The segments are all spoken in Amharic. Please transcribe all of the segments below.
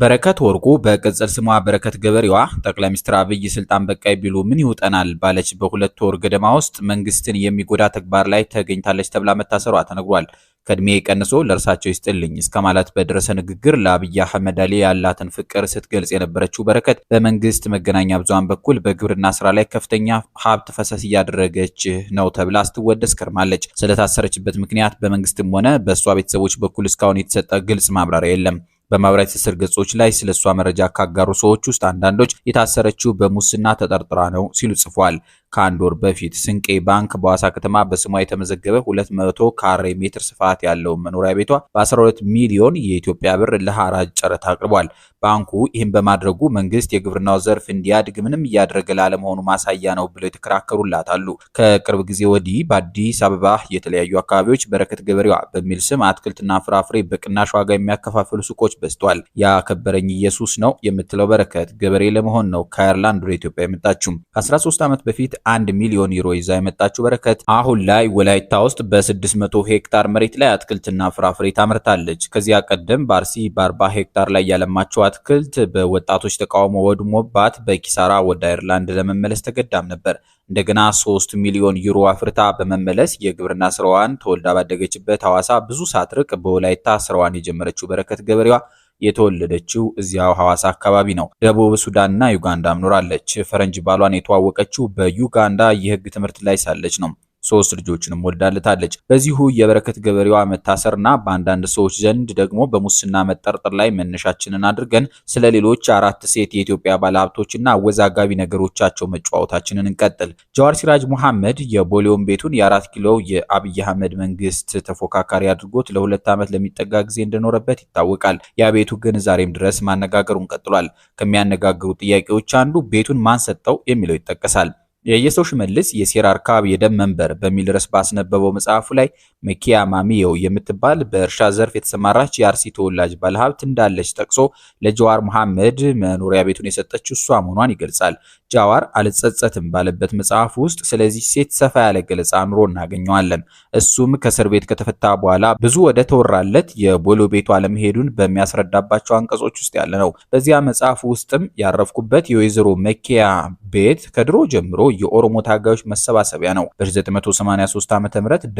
በረከት ወርቁ በቅጽል ስሟ በረከት ገበሬዋ ጠቅላይ ሚኒስትር አብይ ስልጣን በቃይ ቢሉ ምን ይውጠናል ባለች በሁለት ወር ገደማ ውስጥ መንግስትን የሚጎዳ ተግባር ላይ ተገኝታለች ተብላ መታሰሯ ተነግሯል። ከእድሜ ቀንሶ ለእርሳቸው ይስጥልኝ እስከ ማለት በደረሰ ንግግር ለአብይ አህመድ አሊ ያላትን ፍቅር ስትገልጽ የነበረችው በረከት በመንግስት መገናኛ ብዙሃን በኩል በግብርና ስራ ላይ ከፍተኛ ሀብት ፈሰስ እያደረገች ነው ተብላ ስትወደስ ከርማለች። ስለታሰረችበት ምክንያት በመንግስትም ሆነ በእሷ ቤተሰቦች በኩል እስካሁን የተሰጠ ግልጽ ማብራሪያ የለም። በማህበራዊ ትስስር ገጾች ላይ ስለ እሷ መረጃ ካጋሩ ሰዎች ውስጥ አንዳንዶች የታሰረችው በሙስና ተጠርጥራ ነው ሲሉ ጽፏል። ከአንድ ወር በፊት ስንቄ ባንክ በዋሳ ከተማ በስሟ የተመዘገበ 200 ካሬ ሜትር ስፋት ያለው መኖሪያ ቤቷ በ12 ሚሊዮን የኢትዮጵያ ብር ለሐራጅ ጨረታ አቅርቧል። ባንኩ ይህን በማድረጉ መንግስት የግብርናው ዘርፍ እንዲያድግ ምንም እያደረገ ላለመሆኑ ማሳያ ነው ብለው የተከራከሩላት አሉ። ከቅርብ ጊዜ ወዲህ በአዲስ አበባ የተለያዩ አካባቢዎች በረከት ገበሬዋ በሚል ስም አትክልትና ፍራፍሬ በቅናሽ ዋጋ የሚያከፋፍሉ ሱቆች በዝቷል። ያከበረኝ ኢየሱስ ነው የምትለው በረከት ገበሬ ለመሆን ነው ከአየርላንድ ወደ ኢትዮጵያ የመጣችው። ከ13 ዓመት በፊት አንድ ሚሊዮን ዩሮ ይዛ የመጣችው በረከት አሁን ላይ ወላይታ ውስጥ በ600 ሄክታር መሬት ላይ አትክልትና ፍራፍሬ ታመርታለች። ከዚያ ቀደም ባርሲ በ40 ሄክታር ላይ ያለማቸው አትክልት በወጣቶች ተቃውሞ ወድሞባት በኪሳራ ወደ አይርላንድ ለመመለስ ተገዳም ነበር። እንደገና 3 ሚሊዮን ዩሮ አፍርታ በመመለስ የግብርና ስራዋን ተወልዳ ባደገችበት ሐዋሳ ብዙ ሳትርቅ በወላይታ ስራዋን የጀመረችው በረከት ገበሬዋ የተወለደችው እዚያው ሐዋሳ አካባቢ ነው። ደቡብ ሱዳንና ዩጋንዳም ኖራለች። ፈረንጅ ባሏን የተዋወቀችው በዩጋንዳ የህግ ትምህርት ላይ ሳለች ነው። ሶስት ልጆችንም ወልዳለታለች። በዚሁ የበረከት ገበሬዋ መታሰርና በአንዳንድ ሰዎች ዘንድ ደግሞ በሙስና መጠርጠር ላይ መነሻችንን አድርገን ስለ ሌሎች አራት ሴት የኢትዮጵያ ባለሀብቶችና አወዛጋቢ ነገሮቻቸው መጫወታችንን እንቀጥል። ጀዋር ሲራጅ መሐመድ የቦሌውን ቤቱን የአራት ኪሎ የአብይ አህመድ መንግስት ተፎካካሪ አድርጎት ለሁለት ዓመት ለሚጠጋ ጊዜ እንደኖረበት ይታወቃል። ያ ቤቱ ግን ዛሬም ድረስ ማነጋገሩን ቀጥሏል። ከሚያነጋግሩ ጥያቄዎች አንዱ ቤቱን ማን ሰጠው የሚለው ይጠቀሳል። የኢየሱስ ሽመልስ የሴራ አርካብ የደም መንበር በሚል ርዕስ ባስነበበው መጽሐፉ ላይ መኪያ ማሚየው የምትባል በእርሻ ዘርፍ የተሰማራች የአርሲ ተወላጅ ባለሀብት እንዳለች ጠቅሶ ለጀዋር መሐመድ መኖሪያ ቤቱን የሰጠችው እሷ መሆኗን ይገልጻል። ጃዋር አልጸጸትም ባለበት መጽሐፍ ውስጥ ስለዚህ ሴት ሰፋ ያለ ገለጻ ኑሮ እናገኘዋለን። እሱም ከእስር ቤት ከተፈታ በኋላ ብዙ ወደ ተወራለት የቦሎ ቤቱ አለመሄዱን በሚያስረዳባቸው አንቀጾች ውስጥ ያለ ነው። በዚያ መጽሐፍ ውስጥም ያረፍኩበት የወይዘሮ መኪያ ቤት ከድሮ ጀምሮ የኦሮሞ ታጋዮች መሰባሰቢያ ነው። በ1983 ዓ.ም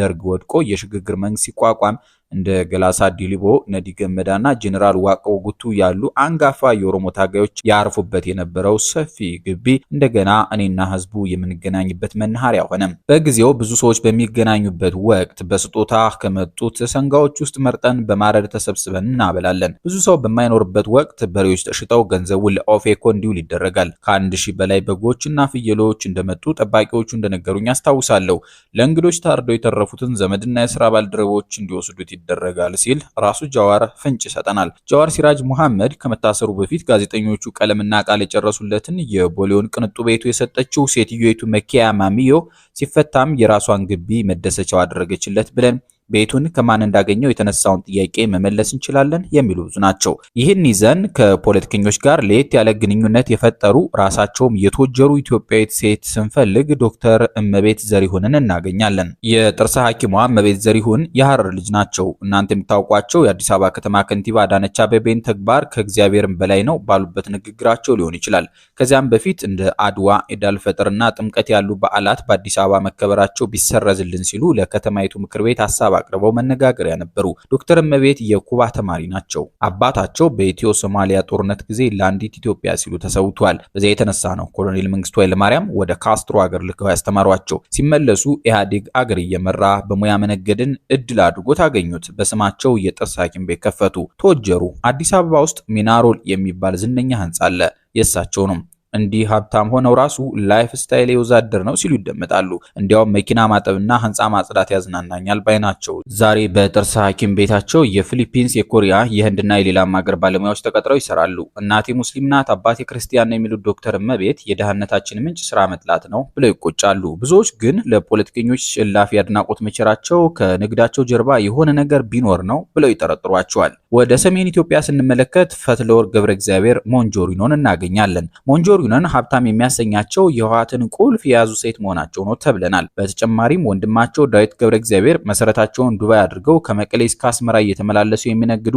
ደርግ ወድቆ የሽግግር መንግስት ሲቋቋም እንደ ገላሳ ዲሊቦ፣ ነዲ ገመዳና ጄኔራል ዋቀው ጉቱ ያሉ አንጋፋ የኦሮሞ ታጋዮች ያርፉበት የነበረው ሰፊ ግቢ እንደገና እኔና ህዝቡ የምንገናኝበት መናኸሪያ ሆነ። በጊዜው ብዙ ሰዎች በሚገናኙበት ወቅት በስጦታ ከመጡት ሰንጋዎች ውስጥ መርጠን በማረድ ተሰብስበን እናበላለን። ብዙ ሰው በማይኖርበት ወቅት በሬዎች ተሽጠው ገንዘቡ ለኦፌኮ እንዲውል ይደረጋል። ከአንድ ሺህ በላይ በጎች እና ፍየሎች እንደመጡ ጠባቂዎቹ እንደነገሩኝ አስታውሳለሁ። ለእንግዶች ታርደው የተረፉትን ዘመድና የስራ ባልደረቦች እንዲወስዱት ይደረጋል ሲል ራሱ ጃዋር ፍንጭ ይሰጠናል። ጃዋር ሲራጅ ሙሐመድ ከመታሰሩ በፊት ጋዜጠኞቹ ቀለምና ቃል የጨረሱለትን የቦሌውን ቅንጡ ቤቱ የሰጠችው ሴትዮቱ መኪያ ማሚዮ ሲፈታም የራሷን ግቢ መደሰቻው አደረገችለት ብለን ቤቱን ከማን እንዳገኘው የተነሳውን ጥያቄ መመለስ እንችላለን የሚሉ ብዙ ናቸው። ይህን ይዘን ከፖለቲከኞች ጋር ለየት ያለ ግንኙነት የፈጠሩ ራሳቸውም የተወጀሩ ኢትዮጵያዊት ሴት ስንፈልግ ዶክተር እመቤት ዘሪሁንን እናገኛለን። የጥርስ ሐኪሟ እመቤት ዘሪሁን የሐረር ልጅ ናቸው። እናንተ የምታውቋቸው የአዲስ አበባ ከተማ ከንቲባ አዳነች አቤቤን ተግባር ከእግዚአብሔርም በላይ ነው ባሉበት ንግግራቸው ሊሆን ይችላል። ከዚያም በፊት እንደ አድዋ፣ ኢዳልፈጥርና ጥምቀት ያሉ በዓላት በአዲስ አበባ መከበራቸው ቢሰረዝልን ሲሉ ለከተማይቱ ምክር ቤት ሀሳብ አቅርበው መነጋገሪያ ነበሩ። ዶክተር እመቤት የኩባ ተማሪ ናቸው። አባታቸው በኢትዮ ሶማሊያ ጦርነት ጊዜ ለአንዲት ኢትዮጵያ ሲሉ ተሰውቷል። በዚያ የተነሳ ነው ኮሎኔል መንግስቱ ኃይለማርያም ወደ ካስትሮ አገር ልከው ያስተማሯቸው። ሲመለሱ ኢህአዴግ አገር እየመራ በሙያ መነገድን እድል አድርጎ አገኙት። በስማቸው የጥርስ ሐኪም ቤት ከፈቱ፣ ተወጀሩ። አዲስ አበባ ውስጥ ሚናሮል የሚባል ዝነኛ ህንጻ አለ የእሳቸው ነው። እንዲህ ሀብታም ሆነው ራሱ ላይፍ ስታይል የወዛደር ነው ሲሉ ይደመጣሉ። እንዲያውም መኪና ማጠብና ህንፃ ማጽዳት ያዝናናኛል ባይ ናቸው። ዛሬ በጥርስ ሐኪም ቤታቸው የፊሊፒንስ፣ የኮሪያ፣ የህንድና የሌላም ሀገር ባለሙያዎች ተቀጥረው ይሰራሉ። እናቴ ሙስሊም ናት፣ አባቴ ክርስቲያን ነው የሚሉት ዶክተር እመቤት የደህንነታችን ምንጭ ስራ መጥላት ነው ብለው ይቆጫሉ። ብዙዎች ግን ለፖለቲከኞች እላፊ አድናቆት መቸራቸው ከንግዳቸው ጀርባ የሆነ ነገር ቢኖር ነው ብለው ይጠረጥሯቸዋል። ወደ ሰሜን ኢትዮጵያ ስንመለከት ፈትለወርቅ ገብረ እግዚአብሔር ሞንጆሪኖን እናገኛለን። ሞንጆ ዩነን ሀብታም የሚያሰኛቸው የህወሓትን ቁልፍ የያዙ ሴት መሆናቸው ነው ተብለናል። በተጨማሪም ወንድማቸው ዳዊት ገብረ እግዚአብሔር መሰረታቸውን ዱባይ አድርገው ከመቀሌ እስከ አስመራ እየተመላለሱ የሚነግዱ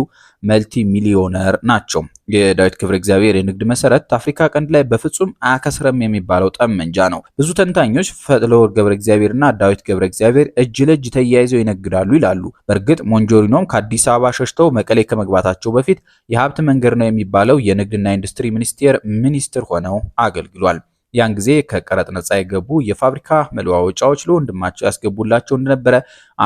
መልቲ ሚሊዮነር ናቸው። የዳዊት ክብረ እግዚአብሔር የንግድ መሰረት አፍሪካ ቀንድ ላይ በፍጹም አያከስረም የሚባለው ጠመንጃ ነው። ብዙ ተንታኞች ፈትለወርቅ ገብረ እና ዳዊት ገብረ እግዚአብሔር እጅ ለእጅ ተያይዘው ይነግዳሉ ይላሉ። በእርግጥ ሞንጆሪኖም ከአዲስ አበባ ሸሽተው መቀሌ ከመግባታቸው በፊት የሀብት መንገድ ነው የሚባለው የንግድና ኢንዱስትሪ ሚኒስቴር ሚኒስትር ሆነው አገልግሏል። ያን ጊዜ ከቀረጥ ነጻ የገቡ የፋብሪካ መለዋወጫዎች ለወንድማቸው ያስገቡላቸው እንደነበረ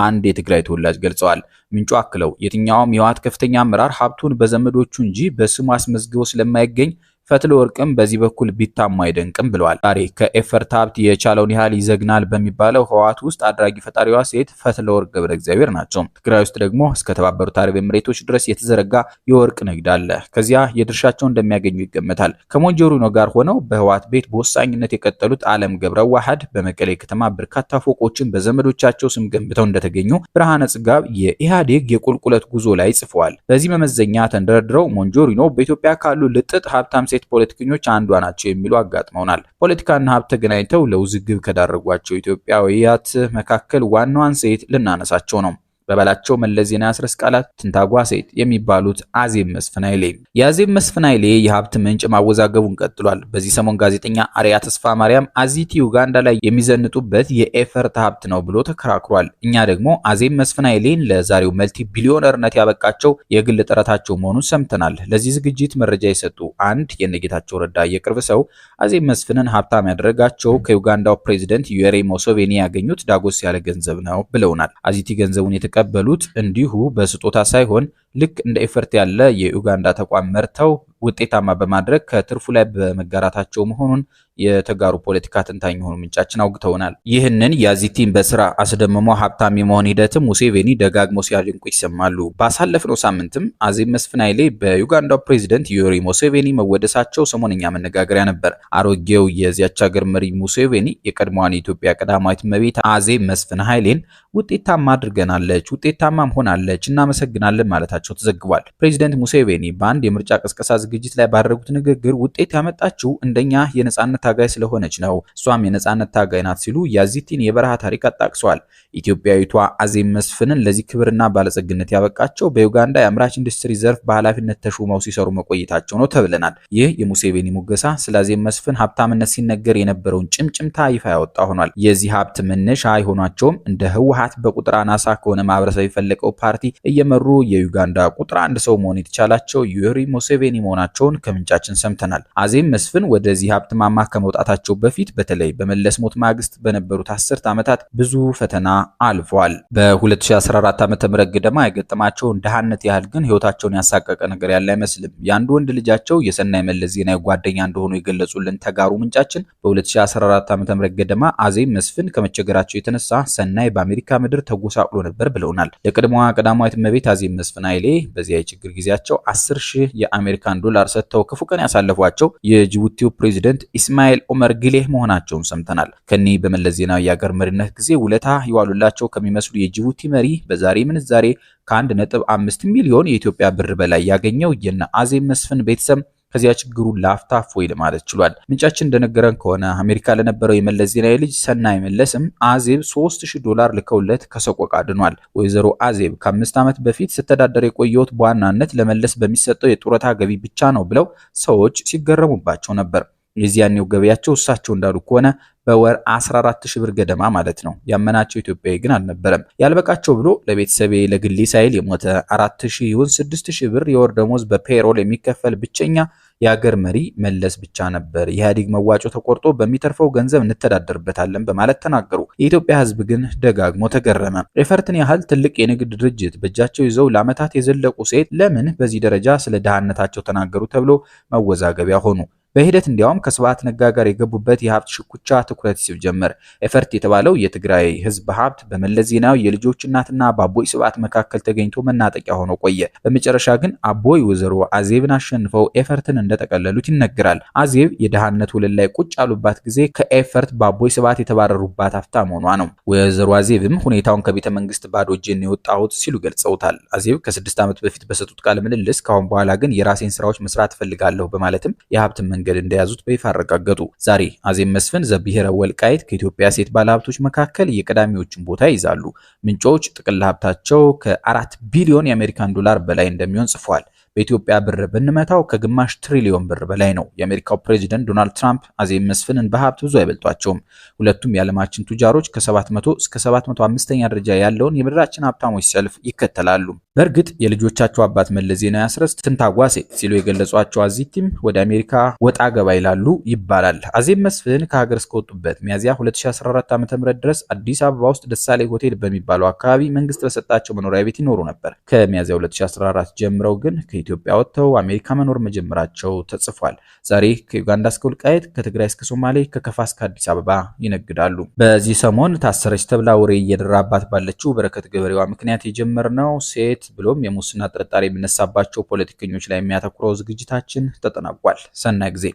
አንድ የትግራይ ተወላጅ ገልጸዋል። ምንጩ አክለው የትኛውም የህወሓት ከፍተኛ አመራር ሀብቱን በዘመዶቹ እንጂ በስሙ አስመዝግቦ ስለማይገኝ ፈትለ ወርቅም በዚህ በኩል ቢታማ አይደንቅም ብለዋል። ዛሬ ከኤፈርት ሀብት የቻለውን ያህል ይዘግናል በሚባለው ህወሓት ውስጥ አድራጊ ፈጣሪዋ ሴት ፈትለ ወርቅ ገብረ እግዚአብሔር ናቸው። ትግራይ ውስጥ ደግሞ እስከ ተባበሩት አረብ ኤምሬቶች ድረስ የተዘረጋ የወርቅ ንግድ አለ። ከዚያ የድርሻቸው እንደሚያገኙ ይገመታል። ከሞንጆሪኖ ጋር ሆነው በህወሓት ቤት በወሳኝነት የቀጠሉት አለም ገብረ ዋህድ በመቀሌ ከተማ በርካታ ፎቆችን በዘመዶቻቸው ስም ገንብተው እንደተገኙ ብርሃነ ጽጋብ የኢህአዴግ የቁልቁለት ጉዞ ላይ ጽፈዋል። በዚህ መመዘኛ ተንደረድረው ሞንጆሪኖ በኢትዮጵያ ካሉ ልጥጥ ሀብታም ሴት ፖለቲከኞች አንዷ ናቸው የሚሉ አጋጥመውናል። ፖለቲካና ሀብት ተገናኝተው ለውዝግብ ከዳረጓቸው ኢትዮጵያውያት መካከል ዋናዋን ሴት ልናነሳቸው ነው። በበላቸው መለስ ዜና አስረስ ቃላት ትንታጓ ሴት የሚባሉት አዜብ መስፍን ኃይሌ የአዜብ መስፍን ኃይሌ የሀብት ምንጭ ማወዛገቡን ቀጥሏል። በዚህ ሰሞን ጋዜጠኛ አሪያ ተስፋ ማርያም አዚቲ ዩጋንዳ ላይ የሚዘንጡበት የኤፈርት ሀብት ነው ብሎ ተከራክሯል። እኛ ደግሞ አዜብ መስፍን ኃይሌን ለዛሬው መልቲ ቢሊዮነርነት ያበቃቸው የግል ጥረታቸው መሆኑን ሰምተናል። ለዚህ ዝግጅት መረጃ የሰጡ አንድ የነጌታቸው ረዳ የቅርብ ሰው አዜብ መስፍንን ሀብታም ያደረጋቸው ከዩጋንዳው ፕሬዚደንት ዩዌሪ ሙሴቬኒ ያገኙት ዳጎስ ያለ ገንዘብ ነው ብለውናል። አዚቲ ገንዘቡን የተቀ የተቀበሉት እንዲሁ በስጦታ ሳይሆን ልክ እንደ ኢፈርት ያለ የኡጋንዳ ተቋም መርተው ውጤታማ በማድረግ ከትርፉ ላይ በመጋራታቸው መሆኑን የተጋሩ ፖለቲካ ተንታኝ የሆኑ ምንጫችን አውግተውናል። ይህንን ያዚቲን በስራ አስደምሞ ሀብታም የመሆን ሂደትም ሙሴቬኒ ደጋግሞ ሲያደንቁ ይሰማሉ። ባሳለፍነው ሳምንትም አዜብ መስፍን ኃይሌ በዩጋንዳው ፕሬዚደንት ዮሪ ሙሴቬኒ መወደሳቸው ሰሞነኛ መነጋገሪያ ነበር። አሮጌው የዚያች ሀገር መሪ ሙሴቬኒ የቀድሞዋን የኢትዮጵያ ቀዳማዊት እመቤት አዜብ መስፍን ኃይሌን ውጤታማ አድርገናለች፣ ውጤታማም ሆናለች፣ እናመሰግናለን ማለታቸው ተዘግቧል። ፕሬዚደንት ሙሴቬኒ በአንድ የምርጫ ቅስቀሳ ዝግጅት ላይ ባደረጉት ንግግር ውጤት ያመጣችው እንደኛ የነጻነት ታጋይ ስለሆነች ነው። እሷም የነጻነት ታጋይ ናት ሲሉ ያዚቲን የበረሃ ታሪክ አጣቅሰዋል። ኢትዮጵያዊቷ አዜብ መስፍንን ለዚህ ክብርና ባለጸግነት ያበቃቸው በዩጋንዳ የአምራች ኢንዱስትሪ ዘርፍ በኃላፊነት ተሹመው ሲሰሩ መቆየታቸው ነው ተብለናል። ይህ የሙሴቬኒ ሙገሳ ስለ አዜብ መስፍን ሀብታምነት ሲነገር የነበረውን ጭምጭምታ ይፋ ያወጣ ሆኗል። የዚህ ሀብት መነሻ አይሆኗቸውም እንደ ህወሀት በቁጥር አናሳ ከሆነ ማህበረሰብ የፈለቀው ፓርቲ እየመሩ የዩጋንዳ ቁጥር አንድ ሰው መሆን የተቻላቸው ዩሪ ሙሴቬኒ መሆናል መሆናቸውን ከምንጫችን ሰምተናል። አዜም መስፍን ወደዚህ ሀብት ማማ ከመውጣታቸው በፊት በተለይ በመለስ ሞት ማግስት በነበሩት አስርት ዓመታት ብዙ ፈተና አልፏል። በ2014 ዓ ም ገደማ የገጠማቸውን ድህነት ያህል ግን ህይወታቸውን ያሳቀቀ ነገር ያለ አይመስልም። የአንድ ወንድ ልጃቸው የሰናይ መለስ ዜናዊ ጓደኛ እንደሆኑ የገለጹልን ተጋሩ ምንጫችን በ2014 ዓ ም ገደማ አዜብ መስፍን ከመቸገራቸው የተነሳ ሰናይ በአሜሪካ ምድር ተጎሳቅሎ ነበር ብለውናል። የቀድሞዋ ቀዳማዊት እመቤት አዜብ መስፍን ኃይሌ በዚያ የችግር ጊዜያቸው 10 ሺህ የአሜሪካን ዶላር ሰጥተው ክፉ ቀን ያሳለፏቸው የጅቡቲው ፕሬዚደንት ኢስማኤል ኦመር ግሌህ መሆናቸውን ሰምተናል። ከኒህ በመለስ ዜናዊ የአገር መሪነት ጊዜ ውለታ ይዋሉላቸው ከሚመስሉ የጅቡቲ መሪ በዛሬ ምንዛሬ ከአንድ ነጥብ አምስት ሚሊዮን የኢትዮጵያ ብር በላይ ያገኘው የነ አዜብ መስፍን ቤተሰብ ከዚያ ችግሩ ላፍታ እፎይ ማለት ችሏል። ምንጫችን እንደነገረን ከሆነ አሜሪካ ለነበረው የመለስ ዜናዊ ልጅ ሰናይ መለስም አዜብ 3000 ዶላር ልከውለት ከሰቆቃ ድኗል። ወይዘሮ አዜብ ከአምስት ዓመት በፊት ስተዳደር የቆየሁት በዋናነት ለመለስ በሚሰጠው የጡረታ ገቢ ብቻ ነው ብለው ሰዎች ሲገረሙባቸው ነበር። የዚያኔው ገበያቸው እሳቸው እንዳሉ ከሆነ በወር 14 ሺህ ብር ገደማ ማለት ነው። ያመናቸው ኢትዮጵያዊ ግን አልነበረም። ያልበቃቸው ብሎ ለቤተሰቤ ለግሌ ሳይል የሞተ 4000 ይሁን 6000 ብር የወር ደሞዝ በፔሮል የሚከፈል ብቸኛ የሀገር መሪ መለስ ብቻ ነበር። የኢህአዴግ መዋጮ ተቆርጦ በሚተርፈው ገንዘብ እንተዳደርበታለን በማለት ተናገሩ። የኢትዮጵያ ሕዝብ ግን ደጋግሞ ተገረመ። ኤፈርትን ያህል ትልቅ የንግድ ድርጅት በእጃቸው ይዘው ለዓመታት የዘለቁ ሴት ለምን በዚህ ደረጃ ስለ ድህነታቸው ተናገሩ ተብሎ መወዛገቢያ ሆኑ። በሂደት እንዲያውም ከስብዓት ነጋ ጋር የገቡበት የሀብት ሽኩቻ ትኩረት ሲስብ ጀመር። ኤፈርት የተባለው የትግራይ ህዝብ ሀብት በመለስ ዜናዊ የልጆች እናትና በአቦይ ስብዓት መካከል ተገኝቶ መናጠቂያ ሆኖ ቆየ። በመጨረሻ ግን አቦይ ወይዘሮ አዜብን አሸንፈው ኤፈርትን እንደጠቀለሉት ይነገራል። አዜብ የድሃነት ወለል ላይ ቁጭ ያሉባት ጊዜ ከኤፈርት በአቦይ ስብዓት የተባረሩባት አፍታ መሆኗ ነው። ወይዘሮ አዜብም ሁኔታውን ከቤተ መንግስት ባዶ እጄን የወጣሁት ሲሉ ገልጸውታል። አዜብ ከስድስት ዓመት በፊት በሰጡት ቃለ ምልልስ ካሁን በኋላ ግን የራሴን ስራዎች መስራት እፈልጋለሁ በማለትም የሀብት መንገድ እንደያዙት በይፋ አረጋገጡ። ዛሬ አዜብ መስፍን ዘብሔረ ወልቃይት ከኢትዮጵያ ሴት ባለሀብቶች መካከል የቀዳሚዎችን ቦታ ይይዛሉ። ምንጮች ጥቅል ሀብታቸው ከአራት ቢሊዮን የአሜሪካን ዶላር በላይ እንደሚሆን ጽፏል። በኢትዮጵያ ብር ብንመታው ከግማሽ ትሪሊዮን ብር በላይ ነው። የአሜሪካው ፕሬዚደንት ዶናልድ ትራምፕ አዜብ መስፍንን በሀብት ብዙ አይበልጧቸውም። ሁለቱም የዓለማችን ቱጃሮች ከ700 እስከ 705ኛ ደረጃ ያለውን የምድራችን ሀብታሞች ሰልፍ ይከተላሉ። በእርግጥ የልጆቻቸው አባት መለስ ዜናዊ አስረስ ትንታጓሴ ሲሉ የገለጿቸው አዚቲም ወደ አሜሪካ ወጣ ገባ ይላሉ ይባላል። አዜብ መስፍን ከሀገር እስከወጡበት ሚያዚያ 2014 ዓ ም ድረስ አዲስ አበባ ውስጥ ደሳሌ ሆቴል በሚባለው አካባቢ መንግስት በሰጣቸው መኖሪያ ቤት ይኖሩ ነበር። ከሚያዚያ 2014 ጀምረው ግን ከኢትዮጵያ ወጥተው አሜሪካ መኖር መጀመራቸው ተጽፏል። ዛሬ ከዩጋንዳ እስከ ውልቃየት፣ ከትግራይ እስከ ሶማሌ፣ ከከፋ እስከ አዲስ አበባ ይነግዳሉ። በዚህ ሰሞን ታሰረች ተብላ ወሬ እየደራባት ባለችው በረከት ገበሬዋ ምክንያት የጀመርነው ሴት ብሎም የሙስና ጥርጣሬ የሚነሳባቸው ፖለቲከኞች ላይ የሚያተኩረው ዝግጅታችን ተጠናቋል። ሰናይ ጊዜ